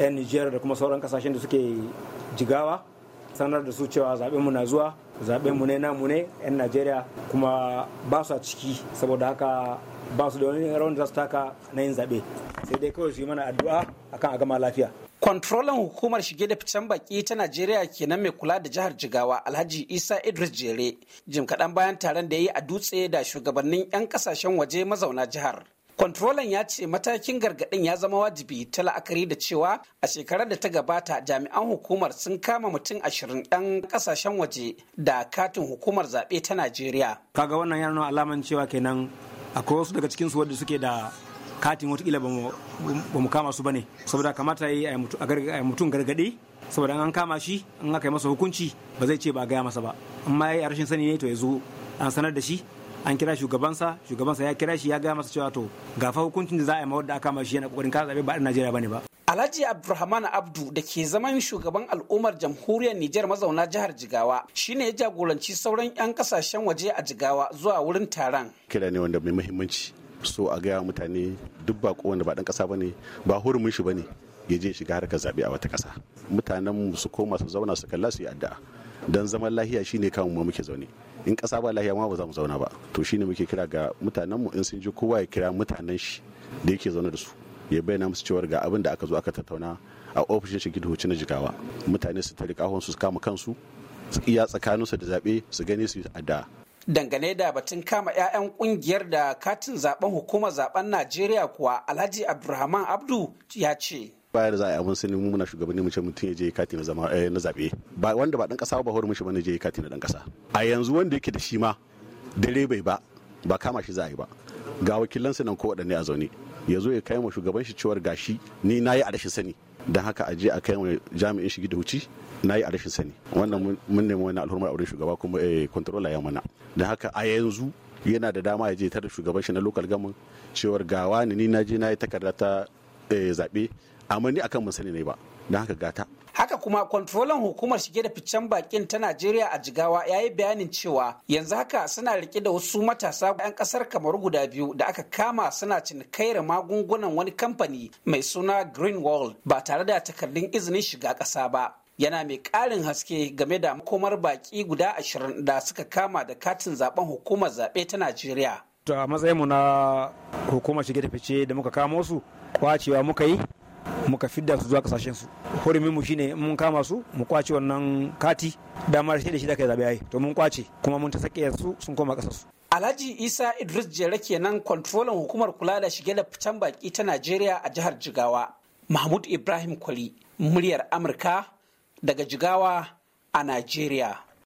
'yan Nijar da kuma sauran kasashen da suke jigawa sanar da su cewa zaɓen mu na zuwa zaben mu ne namu ne 'yan Najeriya kuma ba su a ciki saboda haka ba su da wani rawan da su taka na yin zaɓe sai dai kawai su yi mana addu'a akan a gama lafiya. Kontrolan hukumar shige da ficen baki ta Najeriya kenan mai kula da jihar Jigawa Alhaji Isa Idris Jere jim kaɗan bayan taron da ya yi a dutse da shugabannin 'yan kasashen waje mazauna jihar. Kontrolan ya ce matakin gargaɗin ya zama wajibi ta la'akari da cewa a shekarar da ta gabata jami'an hukumar sun kama mutum ashirin ɗan ƙasashen waje da katin hukumar zaɓe ta Najeriya. Kaga wannan ya nuna alaman cewa kenan akwai wasu daga cikinsu wadda suke da katin watakila ba mu kama su ba ne saboda kamata yi a mutum gargaɗi saboda an kama shi an aka yi masa hukunci ba zai ce ba gaya masa ba amma ya yi rashin sani ne to ya zo an sanar da shi an kira shugabansa shugabansa ya kira shi ya gaya masa cewa to fa hukuncin da za a yi mawar da aka kama shi yana kokarin kasa zabe ba a Najeriya bane ba Alhaji Abdulrahman Abdu da ke zaman shugaban al'ummar jamhuriyar Nijar mazauna jihar Jigawa shine ya jagoranci sauran 'yan kasashen waje a Jigawa zuwa wurin taron. Kira ne wanda mai muhimmanci so a gaya mutane duk bako wanda ba dan kasa bane ba hurumin shi bane ya je shiga harkar zabe a wata kasa mutanen mu su koma su zauna su kalla su yi addu'a don zaman lahiya shine kamun mu muke zaune in ƙasa ba lahiya ma ba za mu zauna ba to shine muke kira ga mutanenmu in sun ji kowa ya kira mutanen shi da yake zaune da su ya bayyana musu cewar ga abin da aka zo aka tattauna a ofishin shigi hoci na jigawa mutane su tari kahon su kama kansu su iya tsakaninsu da zaɓe su gani su yi da dangane da batun kama 'ya'yan kungiyar da katin zaben hukumar zaben najeriya kuwa alhaji abdulrahman abdu ya ce bayan za a yi abin sani mu muna shugabanni mu ce mutum ya je kati na zama eh, zabe ba wanda ba dan kasa ba horumin shi bane je kati na dan kasa a yanzu wanda yake da shi ma dare bai ba ba kama shi za a yi ba ga wakilansa nan ko waɗanne a zaune ya zo ya kai ma shugaban shi cewar gashi ni na yi a rashin sani don haka a je a kai wa jami'in shigi da huci na yi a rashin sani wannan mun nemi wani alhurmar a wurin shugaba kuma eh controller ya mana don haka a yanzu yana da dama ya je tare shugaban shi na local gamin cewar gawa ni na je na yi takarda ta eh, zaɓe amma akan mun sani ne ba don haka gata haka kuma kwantrolan hukumar shige da ficen bakin ta najeriya a jigawa ya yi bayanin cewa yanzu haka suna rike da wasu matasa 'yan kasar kamar guda biyu da aka kama suna cinikaira magungunan wani kamfani mai suna green world ba tare da takardun izinin shiga ƙasa ba yana mai ƙarin haske game da makomar baki guda ashirin da suka kama da katin zaben hukumar zaɓe ta najeriya to a matsayinmu na hukumar shige da fice da muka kamo su kwacewa muka yi muka fidda su zuwa kasashen su hurumin mu shine mun kama su mu kwace wannan kati damar shi da shi da kai zabe ai to mun kwace kuma mun ta sake su sun koma kasar su Alhaji Isa Idris Jere kenan kwantrolan hukumar kula da shige da fitan baki ta Najeriya a jihar Jigawa. Mahmud Ibrahim Kwali, muryar Amurka daga Jigawa a Najeriya.